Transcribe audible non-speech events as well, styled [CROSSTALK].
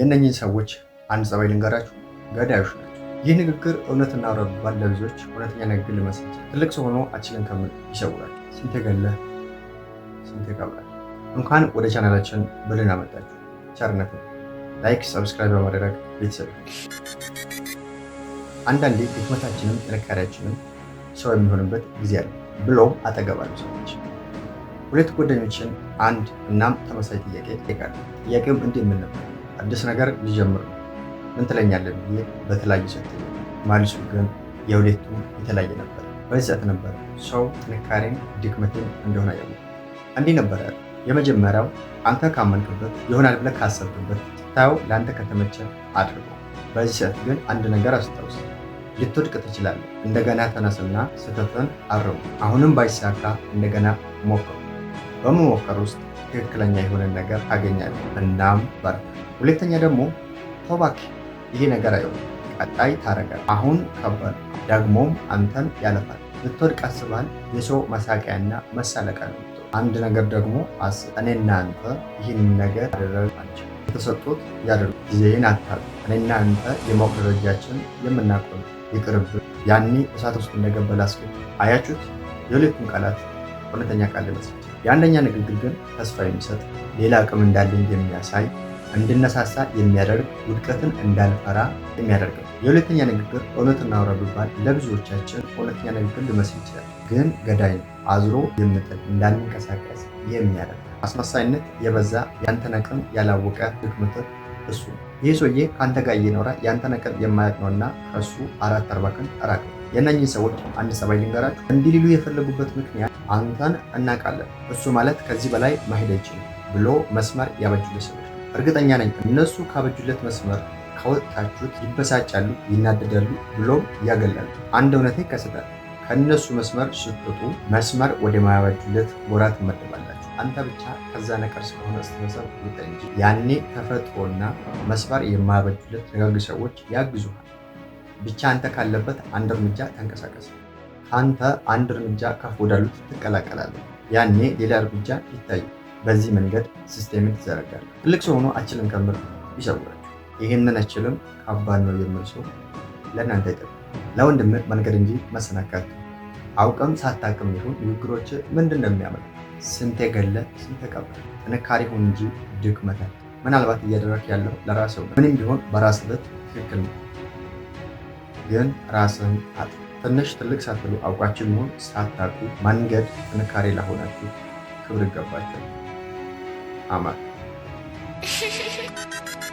የእነኝህን ሰዎች አንድ ጸባይ ልንገራችሁ፣ ገዳዮች ናቸው። ይህ ንግግር እውነትና ረብ ባለ እውነተኛ ንግግር ሊመስል ትልቅ ሰው ሆኖ አችልን ከምን ይሰውራል። ስንት ገለህ እንኳን ወደ ቻናላችን ብልን መጣችሁ። ቸርነት ነው። ላይክ፣ ሰብስክራይብ በማድረግ ቤተሰብ አንዳንዴ ድክመታችንም ጥንካሬያችንም ሰው የሚሆንበት ጊዜ አለ ብሎም አጠገባሉ ሰዎች። ሁለት ጓደኞችን አንድ እናም ተመሳሳይ ጥያቄ ይጠይቃሉ። ጥያቄውም እንዲህ የምን አዲስ ነገር ሊጀምር ነው ምን ትለኛለህ ብዬ በተለያየ ሰት ማልሱ ግን የውሌቱ የተለያየ ነበር። በዚያት ነበር ሰው ጥንካሬን ድክመትን እንደሆነ ያሉ እንዲህ ነበረ። የመጀመሪያው አንተ ካመንክበት ይሆናል ብለህ ካሰብክበት ስታየው ለአንተ ከተመቸ አድርጎ። በዚህ ሰዓት ግን አንድ ነገር አስታውስ፣ ልትወድቅ ትችላለህ። እንደገና ተነስና ስህተትን አርሙ። አሁንም ባይሳካ እንደገና ሞክሩ። በመሞከር ውስጥ ትክክለኛ የሆነ ነገር ታገኛለህ። እናም ባርክ ሁለተኛ ደግሞ ተባክ ይሄ ነገር አይሆንም፣ ቀጣይ ታረጋል። አሁን ከባድ ደግሞም አንተን ያለፋል። ብትወድቅ አስባል። የሰው መሳቂያና መሳለቂያ ነው። አንድ ነገር ደግሞ አስብ። እኔና አንተ ይህን ነገር አደረግ ናቸው የተሰጡት ያደርጉ ጊዜን አታል እኔና አንተ የማወቅ ደረጃችን የምናቆም ይቅርብ። ያኔ እሳት ውስጥ እንደገባ ላስገብ አያችሁት። የሁለቱም ቃላት እውነተኛ ቃል ይመስል የአንደኛ ንግግር ግን ተስፋ የሚሰጥ ሌላ አቅም እንዳለኝ የሚያሳይ እንድነሳሳ የሚያደርግ ውድቀትን እንዳልፈራ የሚያደርግ ነው። የሁለተኛ ንግግር እውነት እናውራ ቢባል ለብዙዎቻችን እውነተኛ ንግግር ሊመስል ይችላል፣ ግን ገዳይ ነው። አዝሮ የምጥል እንዳልንቀሳቀስ የሚያደርግ አስመሳይነት የበዛ ያንተን አቅም ያላወቀ ድክመትህ እሱ ነው። ይህ ሰውዬ ከአንተ ጋር እየኖረ ያንተን አቅም የማያውቅ ነውና ከእሱ አራት አርባ ቀን ራቅ። ሰዎች አንድ ጸባይ ልንገራችሁ። እንዲህ ሊሉ የፈለጉበት ምክንያት አንተን እናውቃለን፣ እሱ ማለት ከዚህ በላይ መሄድ አይችልም ብሎ መስመር ያበጁ ሰዎች እርግጠኛ ነኝ እነሱ ካበጁለት መስመር ካወጣችሁት ይበሳጫሉ፣ ይናደዳሉ፣ ብሎም ያገላሉ። አንድ እውነቴ ይከሰታል። ከእነሱ መስመር ስትወጡ መስመር ወደ ማያበጁለት ጎራ ትመደባላችሁ። አንተ ብቻ ከዛ ነቀር ስለሆነ አስተሳሰብ ውጣ እንጂ። ያኔ ተፈጥሮና መስመር የማያበጁለት ደጋግ ሰዎች ያግዙሃል። ብቻ አንተ ካለበት አንድ እርምጃ ተንቀሳቀስ። ከአንተ አንድ እርምጃ ከፍ ወዳሉት ትቀላቀላለህ። ያኔ ሌላ እርምጃ ይታያል። በዚህ መንገድ ሲስቴምን ትዘረጋለህ። ትልቅ ሰው ሆኖ አችልም ከምር ይሰውራችሁ። ይህንን አችልም ከባድ ነው የሚል ሰው ለእናንተ አይጠቅም። ለወንድምህ መንገድ እንጂ መሰናካት አውቅም ሳታቅም ይሁን ንግግሮች ምንድን ነው የሚያመል ስንቴ ገለህ ስንቴ ጥንካሬ ሁን እንጂ ድክመት። ምናልባት እያደረክ ያለው ለራስህ ምንም ቢሆን በራስ ብት ትክክል ነው፣ ግን ራስህን አጥ ትንሽ ትልቅ ሳትሉ አውቃችሁ ይሁን ሳታቁ መንገድ ጥንካሬ ለሆናችሁ ክብር ይገባችኋል። ஆமாம் [LAUGHS]